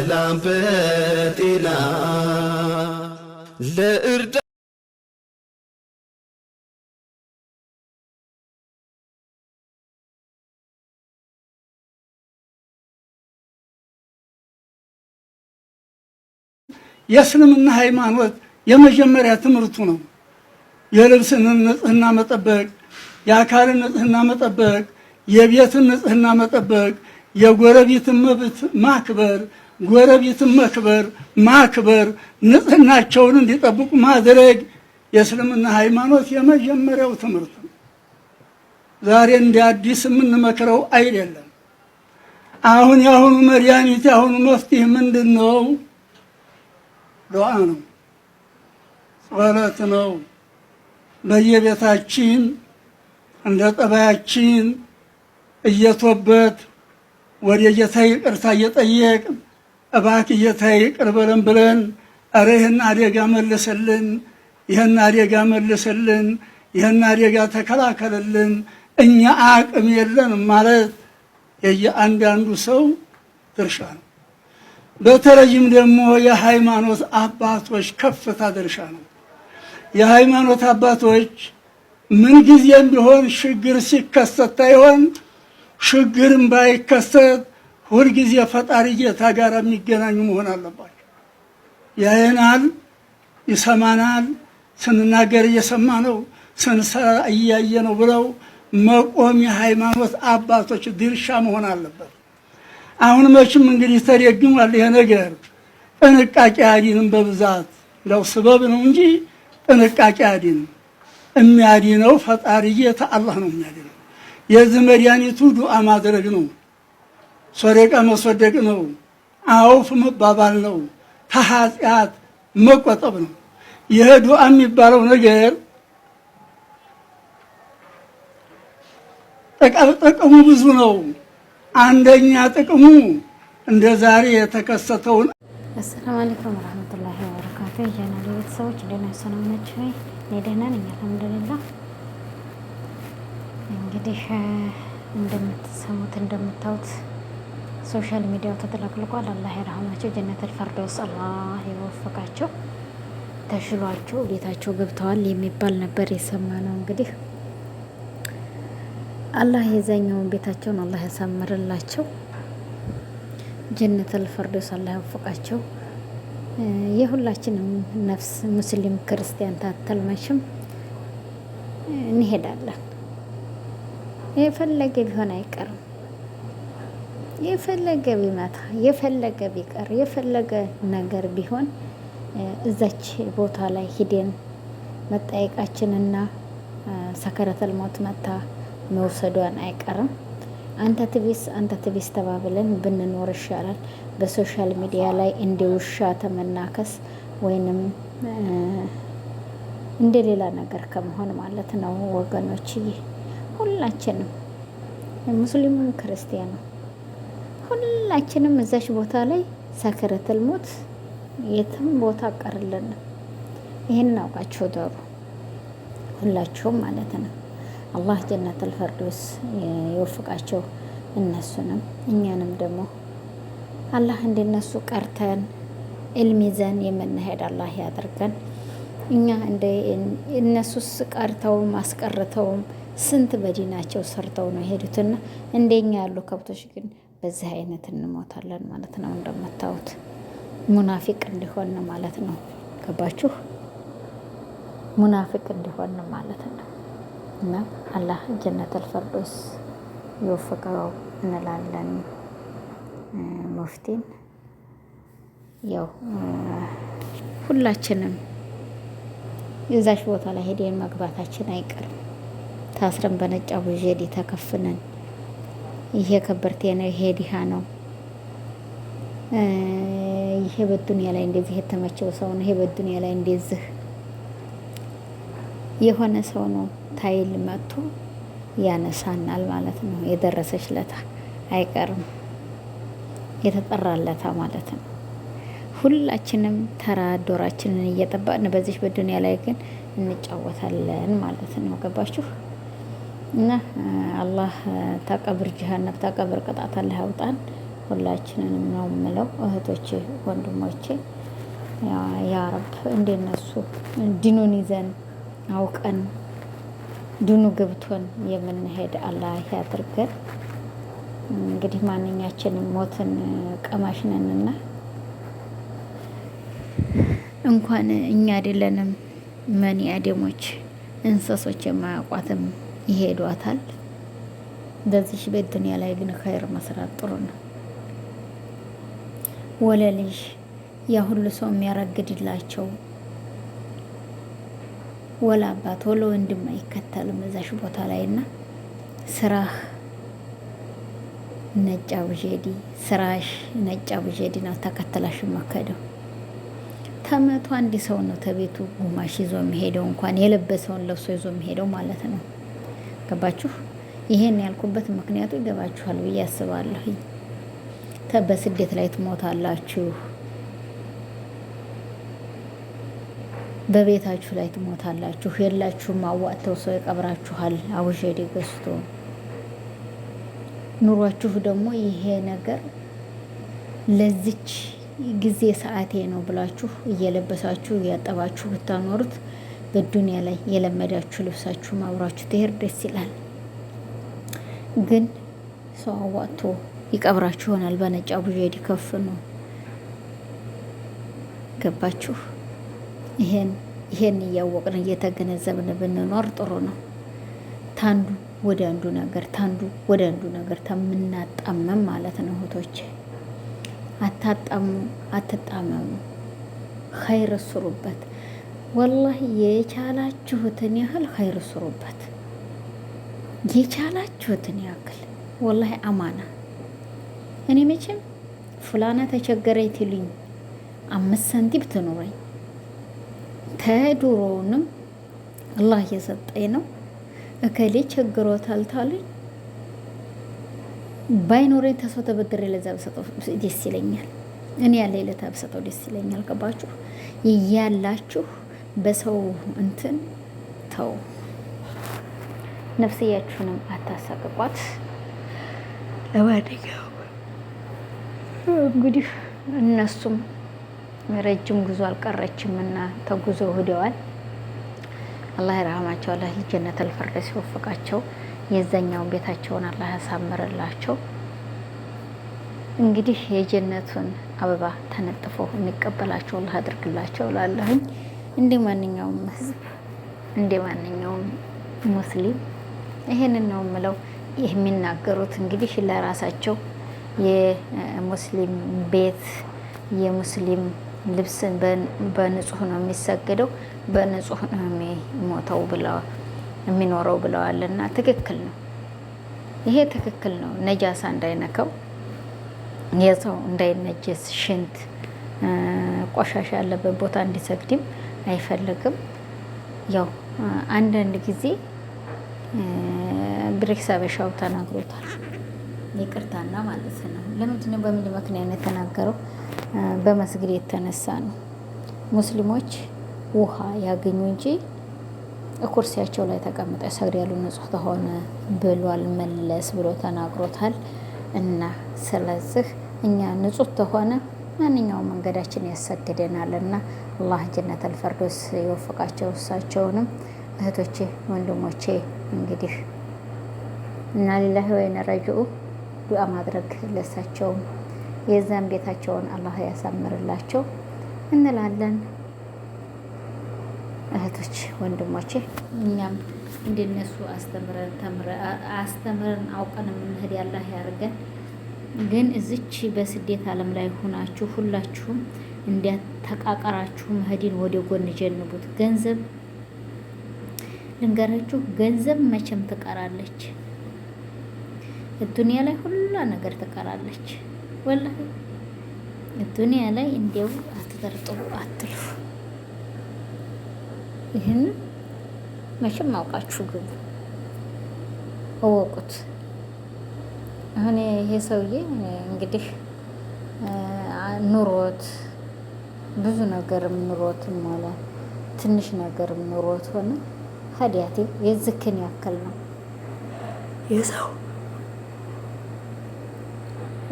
በሰላም በጤና ለእርዳ የእስልምና ሃይማኖት የመጀመሪያ ትምህርቱ ነው። የልብስን ንጽህና መጠበቅ፣ የአካልን ንጽህና መጠበቅ፣ የቤትን ንጽህና መጠበቅ፣ የጎረቤትን መብት ማክበር ጎረቤትን መክበር፣ ማክበር፣ ንጽህናቸውን እንዲጠብቁ ማድረግ የእስልምና ሃይማኖት የመጀመሪያው ትምህርት ነው። ዛሬ እንደ አዲስ የምንመክረው አይደለም። አሁን የአሁኑ መድኃኒት የአሁኑ መፍትህ ምንድን ነው? ዱዓ ነው፣ ጸሎት ነው። በየቤታችን እንደ ጠባያችን እየቶበት ወደ ጌታ ይቅርታ እየጠየቅን እባክህ ጌታዬ ይቅር በለን ብለን እረ ይህን አደጋ መልስልን፣ ይህን አደጋ መልስልን፣ ይህን አደጋ ተከላከልልን፣ እኛ አቅም የለን ማለት የየአንዳንዱ ሰው ድርሻ ነው። በተለይም ደግሞ የሃይማኖት አባቶች ከፍታ ድርሻ ነው። የሃይማኖት አባቶች ምንጊዜም ቢሆን ችግር ሲከሰት ሳይሆን ችግርም ባይከሰት ሁልጊዜ ፈጣሪ ጌታ ጋር የሚገናኙ መሆን አለባቸው። ያየናል፣ ይሰማናል፣ ስንናገር እየሰማ ነው፣ ስንሰራ እያየ ነው ብለው መቆም የሃይማኖት አባቶች ድርሻ መሆን አለበት። አሁን መቼም እንግዲህ ተደግሟል ይሄ ነገር ጥንቃቄ አዲንም በብዛት ለው ስበብ ነው እንጂ ጥንቃቄ አዲንም የሚያዲነው ፈጣሪ ጌታ አላህ ነው የሚያዲነው። የዚህ መድኃኒቱ ዱዓ ማድረግ ነው። ሶደቃ መስወደቅ ነው። አውፍ መባባል ነው። ተኃጢአት መቆጠብ ነው። ይህ ዱዓ የሚባለው ነገር ጥቅሙ ብዙ ነው። አንደኛ ጥቅሙ እንደ ዛሬ የተከሰተውን አሰላሙ አለይኩም ወራህመቱላሂ ወበረካቱ የናሪ ቤተሰቦች እንደና ሰናመች ወይ እኔ ደህና ነኝ አልሐምዱሊላህ። እንግዲህ እንደምትሰሙት እንደምታዩት ሶሻል ሚዲያው ተጥለቅልቋል። አላህ የረሀማቸው ጀነተል ፈርዶስ አላህ የወፈቃቸው ተሽሏቸው ቤታቸው ገብተዋል የሚባል ነበር የሰማ ነው እንግዲህ አላህ የዛኛውን ቤታቸውን አላህ ያሳምርላቸው። ጀነተል ፈርዶስ አላህ ያወፍቃቸው። የሁላችንም ነፍስ ሙስሊም ክርስቲያን ታተል መችም እንሄዳለን። የፈለገ ቢሆን አይቀርም። የፈለገ ቢመታ የፈለገ ቢቀር የፈለገ ነገር ቢሆን እዛች ቦታ ላይ ሂደን መጠየቃችንና ሰከረተል ሞት መታ መውሰዷን አይቀርም። አንተ ትቢስ አንተ ትቢስ ተባብለን ብንኖር ይሻላል። በሶሻል ሚዲያ ላይ እንደ ውሻ ተመናከስ ወይንም እንደ ሌላ ነገር ከመሆን ማለት ነው ወገኖች። ሁላችንም ሙስሊሙም ክርስቲያኑ ሁላችንም እዛች ቦታ ላይ ሰክረት ሞት የትም ቦታ አቀርልንም። ይህን አውቃችሁ ደሩ ሁላችሁም ማለት ነው። አላህ ጀነት ፈርዶስ ይወፍቃቸው እነሱንም እኛንም ደግሞ አላህ እንደነሱ ቀርተን እልሚዘን ይዘን የምንሄድ አላህ ያደርገን። እኛ እንደ እነሱስ ቀርተውም አስቀርተውም ስንት በዲናቸው ሰርተው ነው የሄዱትና እንደኛ ያሉ ከብቶች ግን በዚህ አይነት እንሞታለን ማለት ነው። እንደምታዩት ሙናፊቅ እንዲሆን ማለት ነው። ገባችሁ? ሙናፊቅ እንዲሆን ማለት ነው። እና አላህ ጀነት አልፈርዶስ ይወፍቀው እንላለን። ሙፍቲን ያው ሁላችንም እዛሽ ቦታ ላይ ሄደን መግባታችን አይቀርም። ታስረን በነጭ ቡዤድ ተከፍነን ይሄ ከበርቴ ነው፣ ይሄ ዲሃ ነው፣ ይሄ በዱንያ ላይ እንደዚህ የተመቸው ሰው ነው፣ ይሄ በዱንያ ላይ እንደዚህ የሆነ ሰው ነው ታይል መጥቶ ያነሳናል ማለት ነው። የደረሰች ለታ አይቀርም የተጠራለታ ማለት ነው። ሁላችንም ተራ ዶራችንን እየጠበቅን በዚህ በዱንያ ላይ ግን እንጫወታለን ማለት ነው። ገባችሁ? እና አላህ ተቀብር ጀሃነም ታቀብር ቅጣት አላህ ያውጣን ሁላችንንም ነው የምለው። እህቶቼ ወንድሞቼ፣ ያ ረብ እንደነሱ ድኑን ይዘን አውቀን ድኑ ገብቶን የምንሄድ አላህ ያድርገን። እንግዲህ ማንኛችንም ሞትን ቀማሽ ነንና እንኳን እኛ አይደለንም መኒ አደሞች እንሰሶች የማያውቋትም ይሄዷታል። በዚህ በዱንያ ላይ ግን ኸይር መስራት ጥሩ ነው። ወለልሽ ያ ሁሉ ሰው የሚያረግድላቸው ወላ አባት ወለ ወንድም አይከተልም እዛሽ ቦታ ላይ እና ስራህ ነጭ አቡጀዲ ስራሽ ነጭ አቡጀዲ ነው። ተከተላሽ መከደው ተመቶ አንድ ሰው ነው ተቤቱ ጉማሽ ይዞ የሚሄደው እንኳን የለበሰውን ለብሶ ይዞ የሚሄደው ማለት ነው። ገባችሁ? ይሄን ያልኩበት ምክንያቱ ይገባችኋል ብዬ አስባለሁ። በስደት ላይ ትሞታላችሁ፣ በቤታችሁ ላይ ትሞታላችሁ። የላችሁም አዋጥተው ሰው ይቀብራችኋል። አውሸዴ ገዝቶ ኑሯችሁ ደግሞ ይሄ ነገር ለዚች ጊዜ ሰዓቴ ነው ብላችሁ እየለበሳችሁ እያጠባችሁ ብታኖሩት በዱንያ ላይ የለመዳችሁ ልብሳችሁ ማብራችሁ ትሄር ደስ ይላል። ግን ሰው አዋጥቶ ይቀብራችሁ ይሆናል። በነጭ አቡዣድ ይከፍኑ። ገባችሁ? ይሄን ይሄን እያወቅን እየተገነዘብን ብንኖር ጥሩ ነው። ታንዱ ወደ አንዱ ነገር ታንዱ ወደ አንዱ ነገር ተምናጣመም ማለት ነው። እህቶች አታጣሙ፣ አትጣመሙ፣ ኸይር ስሩበት። ወላሂ የቻላችሁትን ያህል ኸይር ስሩበት። የቻላችሁትን ያክል ወላሂ አማና እኔ መቼም ፉላና ተቸገረኝ ትሉኝ አምስት ሳንቲም ትኑረኝ ተድሮውንም አላህ እየሰጠኝ ነው። እከሌ ቸግሮታል ታሉኝ ባይኖረኝ ተሰው ተበድሬ ለዛ ብሰጠው ደስ ይለኛል። እኔ ያለ ለታ ብሰጠው ደስ ይለኛል። ገባችሁ እያላችሁ በሰው እንትን ተው፣ ነፍስያችሁንም አታሳቅቋት። ለማንኛውም እንግዲህ እነሱም ረጅም ጉዞ አልቀረችም እና ተጉዞ ሂደዋል። አላህ ይርሃማቸው፣ አላህ ልጅነት ፊርደውስ ሲወፍቃቸው፣ የዛኛውን ቤታቸውን አላህ ያሳምርላቸው። እንግዲህ የጀነቱን አበባ ተነጥፎ የሚቀበላቸው አላህ አድርግላቸው ላለሁኝ እንደ ማንኛውም ህዝብ፣ እንደ ማንኛውም ሙስሊም ይሄንን ነው የምለው። ይህ የሚናገሩት እንግዲህ ለራሳቸው የሙስሊም ቤት የሙስሊም ልብስን በንጹህ ነው የሚሰግደው በንጹህ ነው የሚሞተው የሚኖረው ብለዋል። እና ትክክል ነው፣ ይሄ ትክክል ነው። ነጃሳ እንዳይነከው የሰው እንዳይነጀስ ሽንት ቆሻሻ ያለበት ቦታ እንዲሰግድም አይፈልግም። ያው አንዳንድ ጊዜ ብሬክስ አበሻው ተናግሮታል። ይቅርታና ማለት ነው። ለምንድን ነው በምን ምክንያት የተናገረው? በመስግድ የተነሳ ነው። ሙስሊሞች ውሃ ያገኙ እንጂ ኩርሲያቸው ላይ ተቀምጠ ሰግድ ያሉ ንጹህ ተሆነ ብሏል መለስ ብሎ ተናግሮታል። እና ስለዚህ እኛ ንጹህ ተሆነ ማንኛውም መንገዳችን ያሰግደናል እና አላህ ጀነት አልፈርዶስ የወፈቃቸው እሳቸውንም እህቶቼ ወንድሞቼ፣ እንግዲህ እና ሊላሂ ወይነ ረጅኡ ዱአ ማድረግ ለእሳቸውም የዛን ቤታቸውን አላህ ያሳምርላቸው እንላለን። እህቶች ወንድሞቼ፣ እኛም እንደነሱ አስተምረን አስተምረን አውቀን የምንሄድ ያላህ ያርገን። ግን እዚች በስደት ዓለም ላይ ሆናችሁ ሁላችሁም እንዲያተቃቀራችሁ መሄድን ወደ ጎን ጀንቡት። ገንዘብ ልንገራችሁ፣ ገንዘብ መቼም ትቀራለች። ዱንያ ላይ ሁላ ነገር ትቀራለች። ወላሂ ዱንያ ላይ እንዲያው አትጠርጥሩ፣ አትልፉ። ይህን መቼም አውቃችሁ ግቡ፣ እወቁት። አሁን ይሄ ሰውዬ እንግዲህ ኑሮት ብዙ ነገርም ኑሮትም ሆነ ትንሽ ነገርም ኑሮት ሆነ ሀዲያቴ የዝክን ያክል ነው የሰው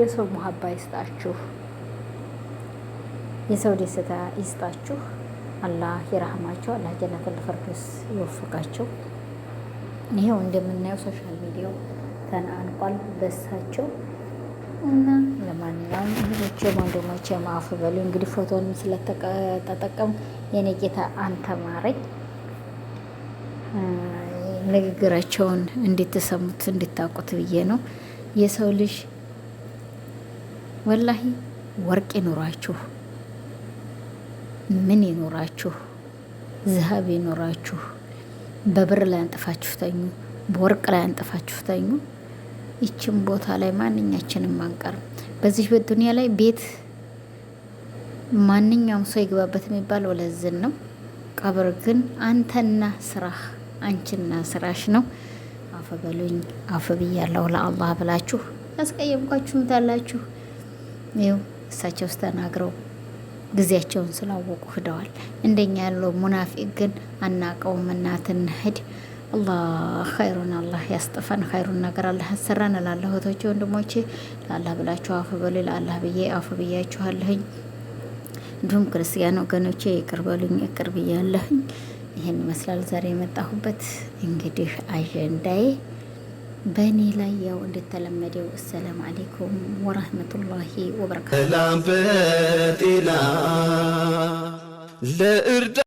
የሰው ሙሀባ ይስጣችሁ፣ የሰው ደስታ ይስጣችሁ። አላህ ይራህማቸው። አላህ ጀነተል ፊርደውስ ይወፍቃቸው። ይሄው እንደምናየው ሶሻል ሚዲያው ተናንቋል በሳቸው እና ለማንኛውም ልጆች ወንድሞች ማፉ በሉ እንግዲህ ፎቶን ስለተጠቀሙ የኔ ጌታ አንተ ማረኝ። ንግግራቸውን እንድትሰሙት እንድታውቁት ብዬ ነው። የሰው ልጅ ወላሂ ወርቅ ይኖራችሁ፣ ምን ይኖራችሁ፣ ዝሀብ ይኖራችሁ፣ በብር ላይ አንጥፋችሁ ተኙ፣ በወርቅ ላይ አንጥፋችሁ ተኙ። ይችን ቦታ ላይ ማንኛችንም አንቀርም። በዚህ በዱንያ ላይ ቤት ማንኛውም ሰው ይግባበት የሚባል ወለዝን ነው። ቀብር ግን አንተና ስራህ አንቺና ስራሽ ነው። አፈበሉኝ አፈብያለሁ ለአላህ ብላችሁ ያስቀየምኳችሁም ታላችሁ። ይኸው እሳቸው ተናግረው ጊዜያቸውን ስላወቁ ሂደዋል። እንደኛ ያለው ሙናፊቅ ግን አናቀውም። እናትን አላህ ኸይሩን አላህ ያስጠፋን ኸይሩን ነገር አላህ ያሰራን እላለሁ። እህቶቼ ወንድሞቼ፣ ለአላህ ብላችሁ አፉ በሉ። ለአላህ ብዬ አፉ ብያችኋለሁኝ። እንዲሁም ክርስቲያን ወገኖቼ ይቅር በሉኝ፣ ይቅር ብያለሁኝ። ይህን ይመስላል ዛሬ የመጣሁበት እንግዲህ አጀንዳዬ በእኔ ላይ ያው እንደተለመደው አሰላም አሌይኩም ወረህመቱላሂ ወበረካቱ። ለእርዳ